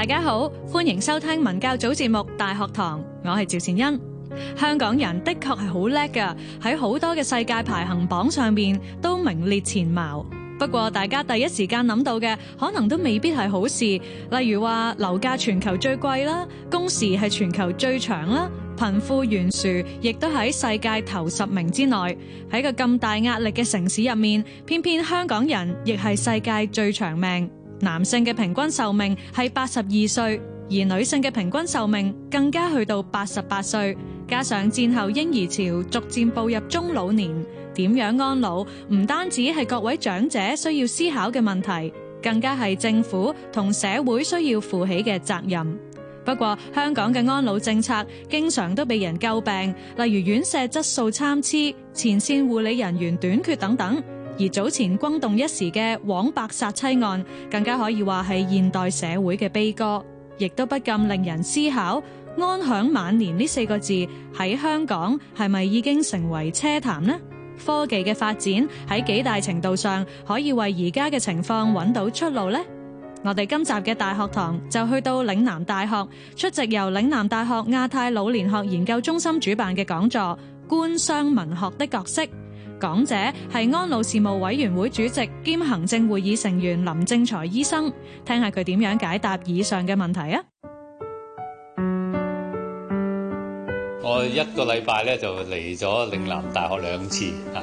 大家好，歡迎收聽文教組節目《大學堂》，我係趙倩欣。香港人的確係好叻㗎，喺好多嘅世界排行榜上面都名列前茅。不過，大家第一時間諗到嘅可能都未必係好事，例如話樓價全球最貴啦，工時係全球最長啦，貧富懸殊亦都喺世界頭十名之內。喺個咁大壓力嘅城市入面，偏偏香港人亦係世界最長命。男性嘅平均壽命係八十二歲，而女性嘅平均壽命更加去到八十八歲。加上戰後嬰兒潮逐漸步入中老年，點樣安老唔單止係各位長者需要思考嘅問題，更加係政府同社會需要負起嘅責任。不過，香港嘅安老政策經常都被人詬病，例如院舍質素參差、前線護理人員短缺等等。而早前轟動一時嘅黃白殺妻案，更加可以話係現代社會嘅悲歌，亦都不禁令人思考：安享晚年呢四個字喺香港係咪已經成為奢談呢？科技嘅發展喺幾大程度上可以為而家嘅情況揾到出路呢？我哋今集嘅大學堂就去到嶺南大學出席由嶺南大學亞太老年學研究中心主辦嘅講座《官商文學的角色》。講者係安老事務委員會主席兼行政會議成員林正財醫生，聽下佢點樣解答以上嘅問題啊！我一個禮拜咧就嚟咗嶺南大學兩次啊，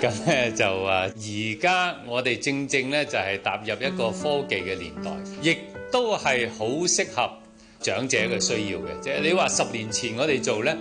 咁 咧 就啊，而家我哋正正咧就係踏入一個科技嘅年代，亦都係好適合長者嘅需要嘅。即係你話十年前我哋做咧。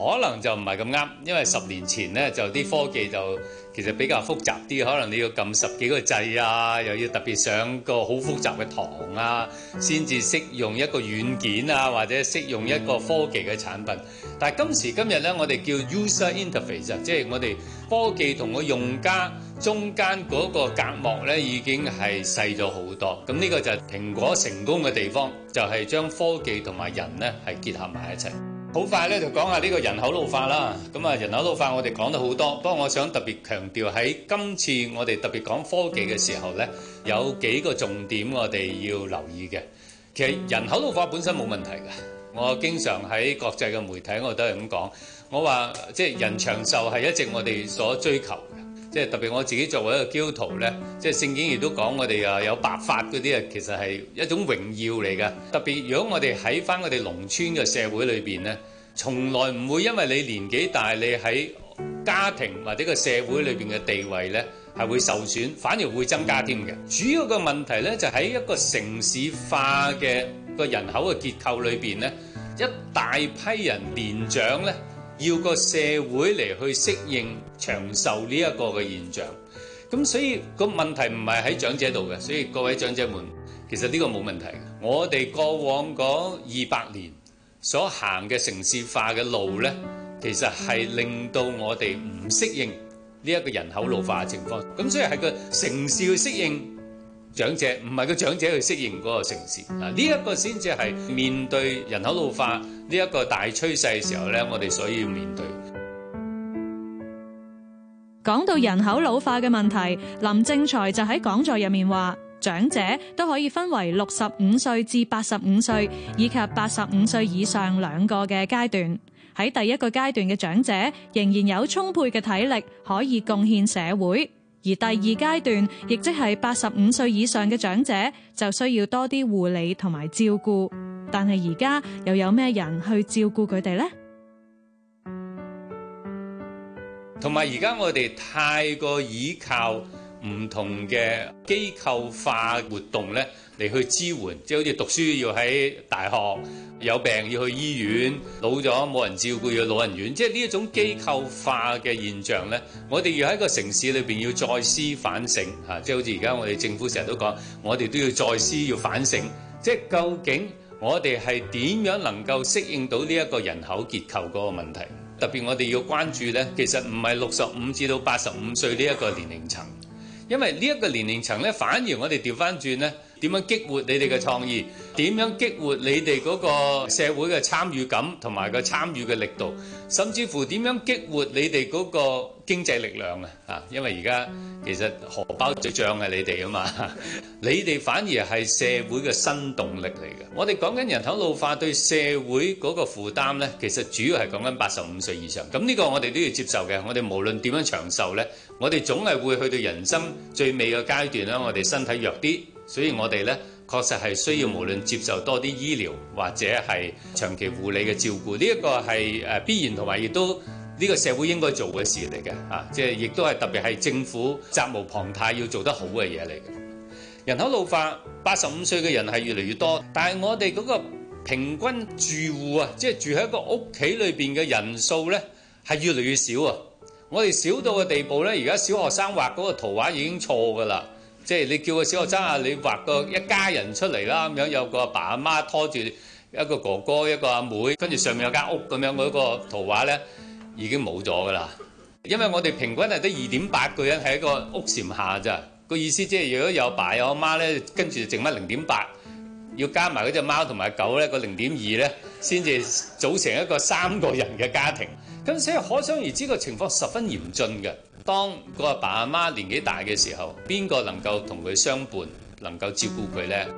可能就唔係咁啱，因為十年前咧就啲科技就其實比較複雜啲，可能你要撳十幾個掣啊，又要特別上個好複雜嘅堂啊，先至識用一個軟件啊，或者識用一個科技嘅產品。但係今時今日咧，我哋叫 user interface 啊，即係我哋科技同個用家中間嗰個隔膜咧，已經係細咗好多。咁呢個就係蘋果成功嘅地方，就係將科技同埋人咧係結合埋一齊。好快咧就講下呢個人口老化啦，咁啊，人口老化我哋講得好多，不過我想特別強調喺今次我哋特別講科技嘅時候呢，有幾個重點我哋要留意嘅。其實人口老化本身冇問題㗎，我經常喺國際嘅媒體我都係咁講，我話即係人長壽係一直我哋所追求。即係特別，我自己作為一個基督徒咧，即係聖經亦都講，我哋啊有白髮嗰啲啊，其實係一種榮耀嚟嘅。特別如果我哋喺翻我哋農村嘅社會裏邊咧，從來唔會因為你年紀大，你喺家庭或者個社會裏邊嘅地位咧係會受損，反而會增加添嘅。主要嘅問題咧就喺一個城市化嘅個人口嘅結構裏邊咧，一大批人年長咧。要個社會嚟去適應長壽呢一個嘅現象，咁所以個問題唔係喺長者度嘅，所以各位長者們，其實呢個冇問題。我哋過往嗰二百年所行嘅城市化嘅路呢，其實係令到我哋唔適應呢一個人口老化嘅情況，咁所以係個城市去適應。長者唔係個長者去適應嗰個城市，啊！呢一個先至係面對人口老化呢一個大趨勢嘅時候咧，我哋所以要面對。講到人口老化嘅問題，林正財就喺講座入面話，長者都可以分為六十五歲至八十五歲以及八十五歲以上兩個嘅階段。喺第一個階段嘅長者，仍然有充沛嘅體力可以貢獻社會。而第二階段，亦即係八十五歲以上嘅長者，就需要多啲護理同埋照顧。但係而家又有咩人去照顧佢哋呢？同埋而家我哋太過倚靠。唔同嘅機構化活動咧，嚟去支援，即係好似讀書要喺大學，有病要去醫院，老咗冇人照顧要老人院，即係呢一種機構化嘅現象呢，我哋要喺一個城市裏邊要再思反省吓，即係好似而家我哋政府成日都講，我哋都要再思要反省，即係究竟我哋係點樣能夠適應到呢一個人口結構嗰個問題？特別我哋要關注呢，其實唔係六十五至到八十五歲呢一個年齡層。因為呢一個年齡層，反而我哋調翻轉呢點樣激活你哋嘅創意？點樣激活你哋嗰個社會嘅參與感同埋個參與嘅力度？甚至乎點樣激活你哋嗰個經濟力量啊？因為而家其實荷包最漲係你哋啊嘛，啊你哋反而係社會嘅新動力嚟嘅。我哋講緊人口老化對社會嗰個負擔呢，其實主要係講緊八十五歲以上咁呢個，我哋都要接受嘅。我哋無論點樣長壽呢，我哋總係會去到人生最尾嘅階段啦。我哋身體弱啲。所以我哋咧，確實係需要無論接受多啲醫療或者係長期護理嘅照顧，呢一個係誒必然同埋亦都呢個社會應該做嘅事嚟嘅啊！即係亦都係特別係政府責無旁貸要做得好嘅嘢嚟嘅。人口老化，八十五歲嘅人係越嚟越多，但係我哋嗰個平均住戶啊，即係住喺一個屋企裏邊嘅人數咧，係越嚟越少啊！我哋少到嘅地步咧，而家小學生畫嗰個圖畫已經錯㗎啦。即係你叫個小學生啊，你畫個一家人出嚟啦咁樣，有個阿爸阿媽拖住一個哥哥一個阿妹，妹，跟住上面有間屋咁樣嗰個圖畫咧，已經冇咗㗎啦。因為我哋平均係得二點八個人喺一個屋檐下咋。個意思即係如果有爸有阿媽咧，跟住剩返零點八，要加埋嗰隻貓同埋狗咧，個零點二咧，先至組成一個三個人嘅家庭。咁所以可想而知個情況十分嚴峻嘅。當個阿爸阿媽年紀大嘅時候，邊個能夠同佢相伴，能夠照顧佢呢？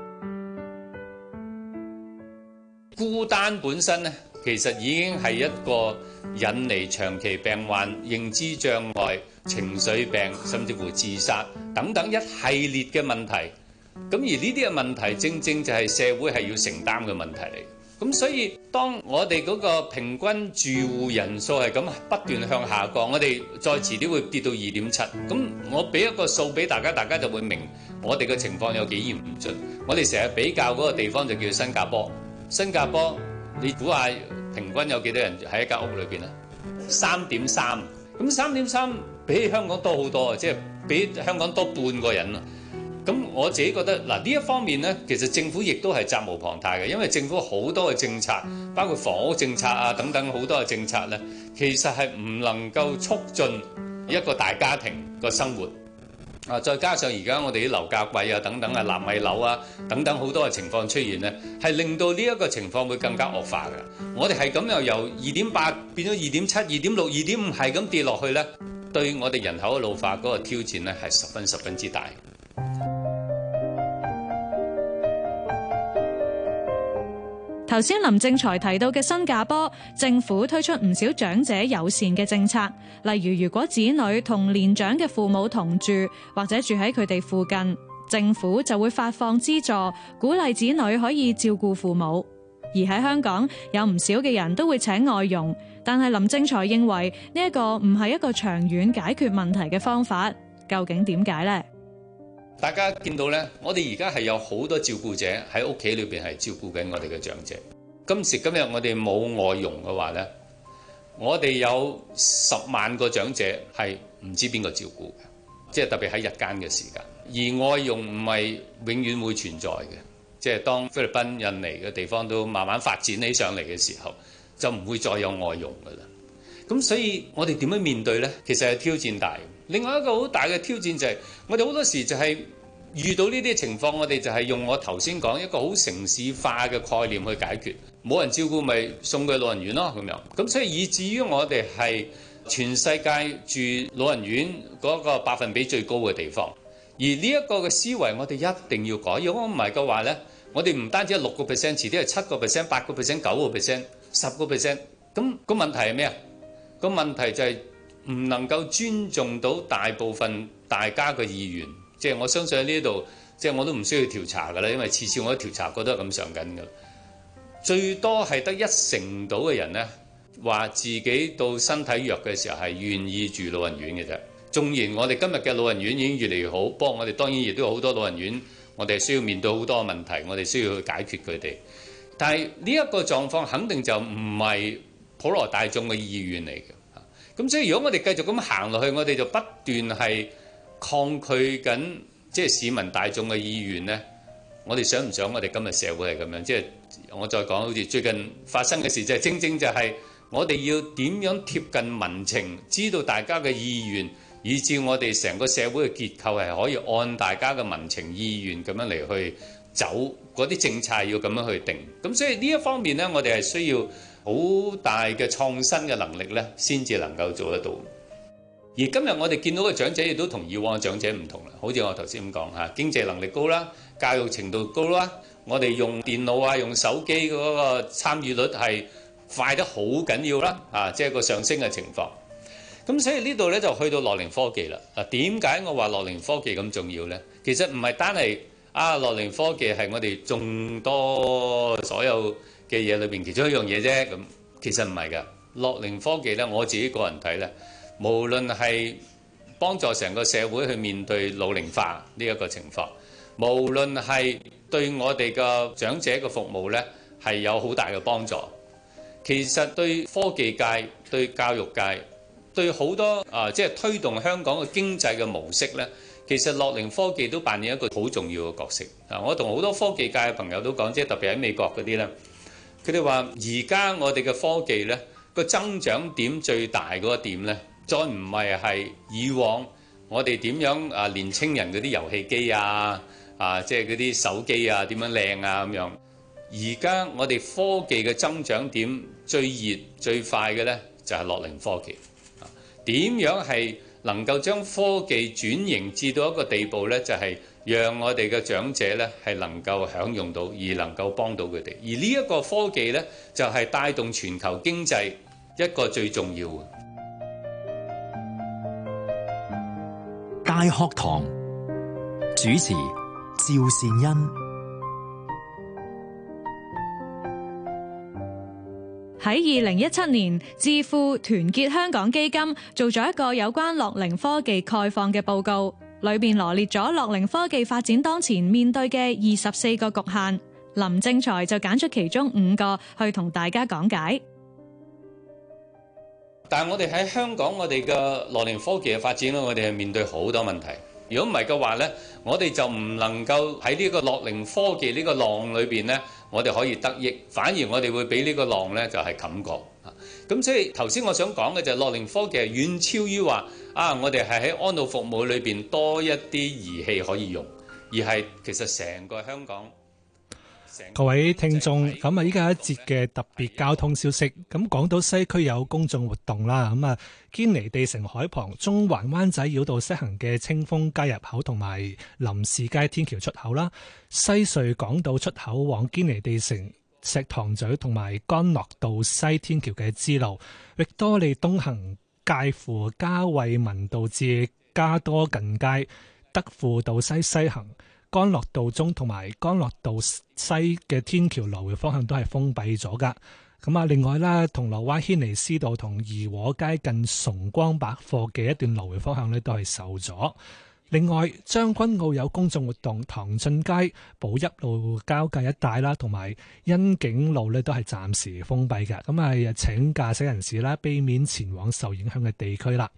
孤單本身咧，其實已經係一個引嚟長期病患、認知障礙、情緒病，甚至乎自殺等等一系列嘅問題。咁而呢啲嘅問題，正正就係社會係要承擔嘅問題嚟。咁所以，當我哋嗰個平均住戶人數係咁不斷向下降，我哋再遲啲會跌到二點七。咁我俾一個數俾大家，大家就會明我哋嘅情況有幾嚴峻。我哋成日比較嗰個地方就叫新加坡。新加坡，你估下平均有幾多人喺一間屋裏邊啊？三點三。咁三點三比香港多好多啊！即係比香港多半個人啊！咁我自己覺得嗱，呢一方面呢，其實政府亦都係責無旁貸嘅，因為政府好多嘅政策，包括房屋政策啊等等好多嘅政策呢，其實係唔能夠促進一個大家庭嘅生活啊。再加上而家我哋啲樓價貴啊等等啊，納米樓啊等等好多嘅情況出現呢，係令到呢一個情況會更加惡化嘅。我哋係咁又由二點八變咗二點七、二點六、二點五係咁跌落去呢，對我哋人口嘅老化嗰個挑戰呢，係十分十分之大。頭先林正財提到嘅新加坡政府推出唔少長者友善嘅政策，例如如果子女同年長嘅父母同住或者住喺佢哋附近，政府就會發放資助，鼓勵子女可以照顧父母。而喺香港有唔少嘅人都會請外傭，但係林正財認為呢一個唔係一個長遠解決問題嘅方法。究竟點解呢？大家見到呢，我哋而家係有好多照顧者喺屋企裏面係照顧緊我哋嘅長者。今時今日我哋冇外傭嘅話呢，我哋有十萬個長者係唔知邊個照顧嘅，即係特別喺日間嘅時間。而外傭唔係永遠會存在嘅，即係當菲律賓、印尼嘅地方都慢慢發展起上嚟嘅時候，就唔會再有外傭噶啦。咁所以我哋點樣面對呢？其實係挑戰大。另外一個好大嘅挑戰就係，我哋好多時就係遇到呢啲情況，我哋就係用我頭先講一個好城市化嘅概念去解決。冇人照顧咪送佢去老人院咯咁樣。咁所以以至於我哋係全世界住老人院嗰個百分比最高嘅地方。而呢一個嘅思維，我哋一定要改。如果唔係嘅話呢，我哋唔單止係六個 percent，遲啲係七個 percent、八個 percent、九個 percent、十個 percent。咁個問題係咩啊？個問題就係唔能夠尊重到大部分大家嘅意願，即係我相信喺呢度，即係我都唔需要調查㗎啦，因為次次我一調查過，覺得係咁上緊㗎。最多係得一成到嘅人呢，話自己到身體弱嘅時候係願意住老人院嘅啫。縱然我哋今日嘅老人院已經越嚟越好，不過我哋當然亦都有好多老人院，我哋需要面對好多問題，我哋需要去解決佢哋。但係呢一個狀況肯定就唔係，普羅大眾嘅意願嚟嘅，咁所以如果我哋繼續咁行落去，我哋就不斷係抗拒緊，即係市民大眾嘅意願呢，我哋想唔想我哋今日社會係咁樣？即係我再講，好似最近發生嘅事，即係正正就係我哋要點樣貼近民情，知道大家嘅意願，以至我哋成個社會嘅結構係可以按大家嘅民情意願咁樣嚟去走嗰啲政策，要咁樣去定。咁所以呢一方面呢，我哋係需要。好大嘅創新嘅能力呢，先至能夠做得到。而今日我哋見到嘅長者亦都同以往嘅長者唔同啦。好似我頭先咁講嚇，經濟能力高啦，教育程度高啦，我哋用電腦啊、用手機嗰個參與率係快得好緊要啦啊，即係一個上升嘅情況。咁所以呢度呢，就去到樂齡科技啦。啊，點解我話樂齡科技咁重要呢？其實唔係單係啊樂齡科技係我哋眾多所有。嘅嘢裏邊，其中一樣嘢啫。咁其實唔係㗎，樂齡科技咧，我自己個人睇咧，無論係幫助成個社會去面對老齡化呢一個情況，無論係對我哋嘅長者嘅服務咧，係有好大嘅幫助。其實對科技界、對教育界、對好多啊，即係推動香港嘅經濟嘅模式咧，其實樂齡科技都扮演一個好重要嘅角色。嗱，我同好多科技界嘅朋友都講，即係特別喺美國嗰啲咧。佢哋話：而家我哋嘅科技呢個增長點最大嗰個點呢，再唔係係以往我哋點樣啊，年青人嗰啲遊戲機啊啊，即係嗰啲手機啊點樣靚啊咁樣。而家我哋科技嘅增長點最熱最快嘅呢，就係樂齡科技。啊點樣係能夠將科技轉型至到一個地步呢？就係、是。讓我哋嘅長者咧係能夠享用到，而能夠幫到佢哋。而呢一個科技咧，就係帶動全球經濟一個最重要嘅大學堂。主持趙善恩。喺二零一七年，智庫團結香港基金做咗一個有關樂齡科技概況嘅報告。裏面羅列咗樂齡科技發展當前面對嘅二十四個局限，林正財就揀出其中五個去同大家講解。但我哋喺香港，我哋嘅樂齡科技嘅發展，我哋係面對好多問題。如果唔係嘅話呢，我哋就唔能夠喺呢個樂齡科技呢個浪裏面，呢我哋可以得益，反而我哋會俾呢個浪呢，就係冚過。咁所以頭先我想講嘅就係、是、樂齡科技遠超於話啊，我哋係喺安老服務裏邊多一啲儀器可以用，而係其實成個香港。各位聽眾咁啊依家一節嘅特別交通消息，咁講到西區有公眾活動啦，咁啊堅尼地城海旁中環灣仔繞道西行嘅清風街入口同埋林士街天橋出口啦，西隧港島出口往堅尼地城。石塘咀同埋干諾道西天橋嘅支路，域多利東行介乎加惠民道至加多近街，德輔道西西行，干諾道中同埋干諾道西嘅天橋來回方向都係封閉咗噶。咁啊，另外啦，銅鑼灣軒尼詩道同怡和街近崇光百貨嘅一段來回方向咧，都係受阻。另外，將軍澳有公眾活動，唐俊街、寶邑路交界一帶啦，同埋欣景路咧，都係暫時封閉嘅。咁啊，請駕駛人士啦，避免前往受影響嘅地區啦。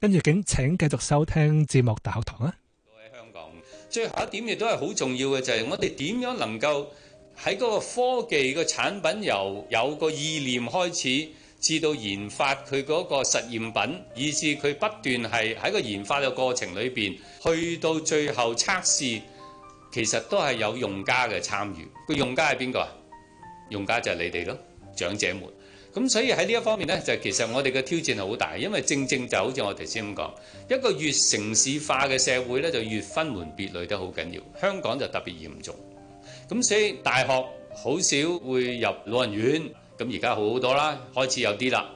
跟住，請繼續收聽節目《大學堂》啊。喺香港，最後一點亦都係好重要嘅，就係、是、我哋點樣能夠喺嗰個科技嘅產品由有個意念開始。至到研發佢嗰個實驗品，以至佢不斷係喺個研發嘅過程裏邊，去到最後測試，其實都係有用家嘅參與。個用家係邊個啊？用家就係你哋咯，長者們。咁所以喺呢一方面呢，就其實我哋嘅挑戰係好大，因為正正就好似我哋頭先咁講，一個越城市化嘅社會呢，就越分門別類得好緊要。香港就特別嚴重。咁所以大學好少會入老人院。咁而家好好多啦，開始有啲啦。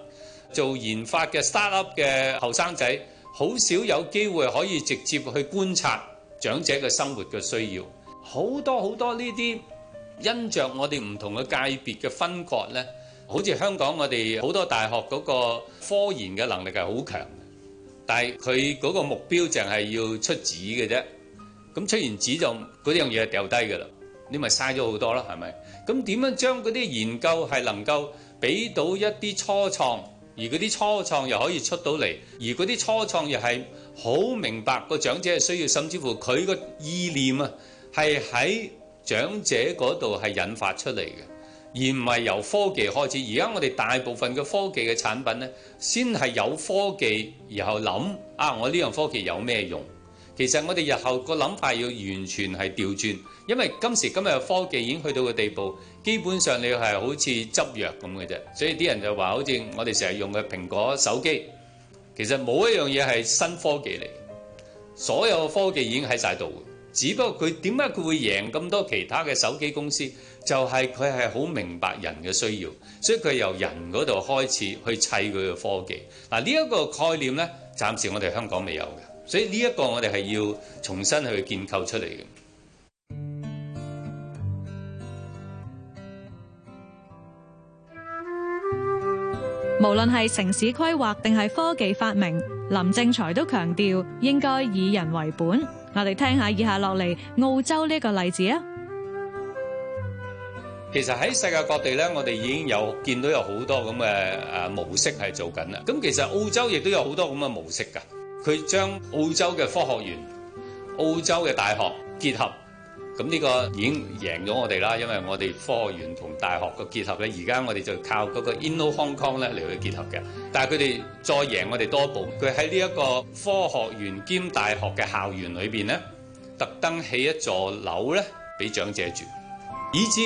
做研發嘅 startup 嘅後生仔，好少有機會可以直接去觀察長者嘅生活嘅需要。好多好多呢啲，因着我哋唔同嘅界別嘅分割呢，好似香港我哋好多大學嗰個科研嘅能力係好強，但係佢嗰個目標淨係要出紙嘅啫。咁出完紙就嗰樣嘢掉低㗎啦。你咪嘥咗好多啦，係咪？咁點樣將嗰啲研究係能夠俾到一啲初創，而嗰啲初創又可以出到嚟，而嗰啲初創又係好明白個長者嘅需要，甚至乎佢個意念啊，係喺長者嗰度係引發出嚟嘅，而唔係由科技開始。而家我哋大部分嘅科技嘅產品呢，先係有科技然後諗啊，我呢樣科技有咩用？其實我哋日後個諗法要完全係調轉。因為今時今日科技已經去到個地步，基本上你係好似執藥咁嘅啫，所以啲人就話好似我哋成日用嘅蘋果手機，其實冇一樣嘢係新科技嚟，所有嘅科技已經喺晒度，只不過佢點解佢會贏咁多其他嘅手機公司，就係佢係好明白人嘅需要，所以佢由人嗰度開始去砌佢嘅科技。嗱，呢一個概念呢，暫時我哋香港未有嘅，所以呢一個我哋係要重新去建構出嚟嘅。無論係城市規劃定係科技發明，林正財都強調應該以人為本。我哋聽下以下落嚟澳洲呢個例子啊。其實喺世界各地咧，我哋已經有見到有好多咁嘅誒模式係做緊啦。咁其實澳洲亦都有好多咁嘅模式噶，佢將澳洲嘅科學園、澳洲嘅大學結合。咁呢個已經贏咗我哋啦，因為我哋科學園同大學嘅結合咧，而家我哋就靠嗰個 InnoHong Kong 咧嚟去結合嘅。但係佢哋再贏我哋多步，佢喺呢一個科學園兼大學嘅校園裏面咧，特登起一座樓咧俾長者住，以至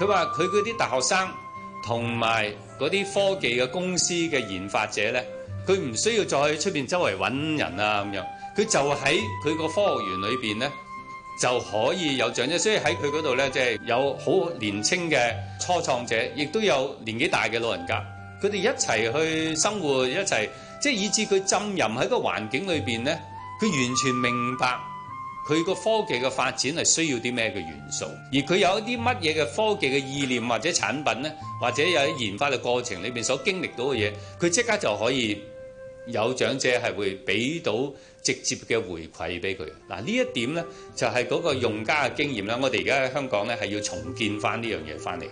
佢話佢嗰啲大學生同埋嗰啲科技嘅公司嘅研發者咧，佢唔需要再去出面周圍揾人啊咁樣，佢就喺佢個科學園裏面咧。就可以有獎啫，所以喺佢嗰度咧，即係有好年輕嘅初創者，亦都有年紀大嘅老人家，佢哋一齊去生活，一齊，即係以至佢浸淫喺個環境裏邊咧，佢完全明白佢個科技嘅發展係需要啲咩嘅元素，而佢有一啲乜嘢嘅科技嘅意念或者產品咧，或者有啲研發嘅過程裏邊所經歷到嘅嘢，佢即刻就可以。有長者係會俾到直接嘅回饋俾佢，嗱，呢一點咧就係嗰個用家嘅經驗啦。我哋而家喺香港咧係要重建翻呢樣嘢翻嚟。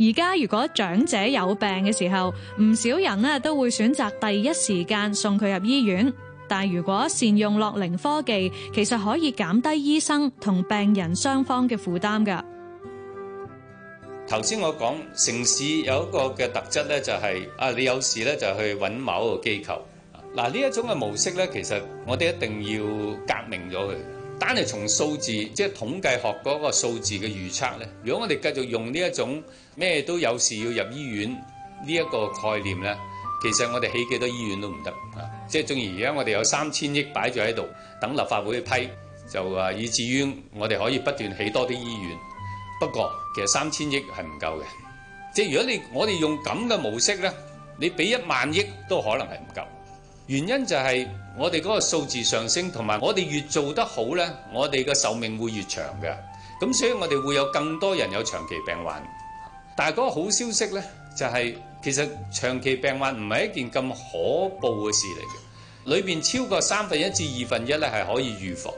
而家如果長者有病嘅時候，唔少人呢都會選擇第一時間送佢入醫院。但如果善用樂齡科技，其實可以減低醫生同病人雙方嘅負擔㗎。頭先我講城市有一個嘅特質咧、就係，就係啊，你有事咧就去揾某一個機構。嗱、啊、呢一種嘅模式咧，其實我哋一定要革命咗佢。單係從數字，即係統計學嗰個數字嘅預測咧，如果我哋繼續用呢一種咩都有事要入醫院呢一、這個概念咧，其實我哋起幾多醫院都唔得啊！即係正如而家我哋有三千億擺咗喺度，等立法會去批，就啊，以至於我哋可以不斷起多啲醫院。不過，其實三千億係唔夠嘅。即係如果你我哋用咁嘅模式呢，你俾一萬億都可能係唔夠。原因就係我哋嗰個數字上升，同埋我哋越做得好呢，我哋嘅壽命會越長嘅。咁所以我哋會有更多人有長期病患。但係嗰個好消息呢、就是，就係其實長期病患唔係一件咁可怖嘅事嚟嘅。裏邊超過三分一至二分一呢，係可以預防。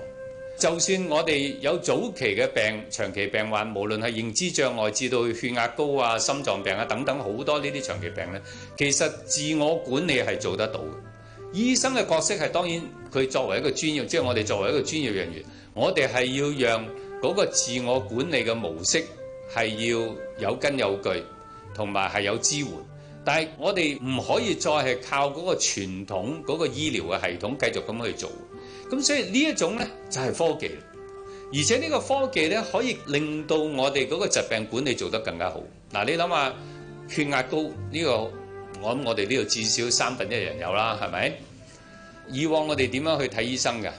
就算我哋有早期嘅病、長期病患，無論係認知障礙至到血壓高啊、心臟病啊等等好多呢啲長期病咧，其實自我管理係做得到嘅。醫生嘅角色係當然佢作為一個專業，即係我哋作為一個專業人員，我哋係要讓嗰個自我管理嘅模式係要有根有據同埋係有支援。但係我哋唔可以再係靠嗰個傳統嗰個醫療嘅系統繼續咁去做。咁所以呢一種咧就係科技，而且呢個科技咧可以令到我哋嗰個疾病管理做得更加好。嗱，你諗下，血壓高呢個，我諗我哋呢度至少三分一人有啦，係咪？以往我哋點樣去睇醫生嘅？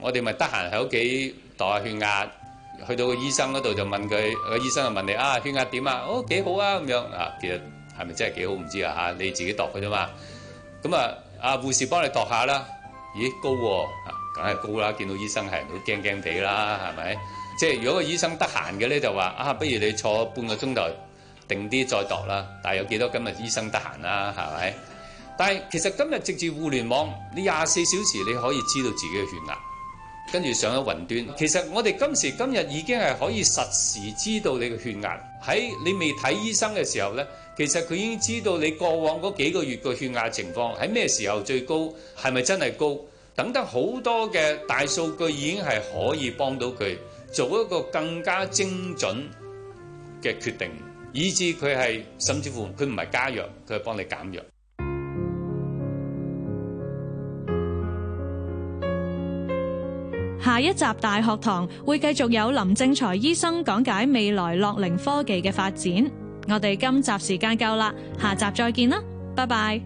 我哋咪得閒喺屋企度下血壓，去到個醫生嗰度就問佢，個醫生就問你啊，血壓點啊？哦，幾好啊咁樣啊，其實係咪真係幾好唔知啊嚇，你自己度佢啫嘛。咁啊，啊，護士幫你度下啦。咦，高喎！梗係高啦！見到醫生係人都驚驚地啦，係咪？即係如果個醫生得閒嘅呢，就話啊，不如你坐半個鐘頭定啲再度啦。但係有幾多今日醫生得閒啦？係咪？但係其實今日直至互聯網，你廿四小時你可以知道自己嘅血壓，跟住上咗雲端。其實我哋今時今日已經係可以實時知道你嘅血壓。喺你未睇醫生嘅時候呢，其實佢已經知道你過往嗰幾個月嘅血壓情況，喺咩時候最高，係咪真係高？等等好多嘅大數據已經係可以幫到佢做一個更加精準嘅決定，以至佢係甚至乎佢唔係加藥，佢係幫你減藥。下一集大學堂會繼續有林正才醫生講解未來樂齡科技嘅發展。我哋今集時間夠啦，下集再見啦，拜拜。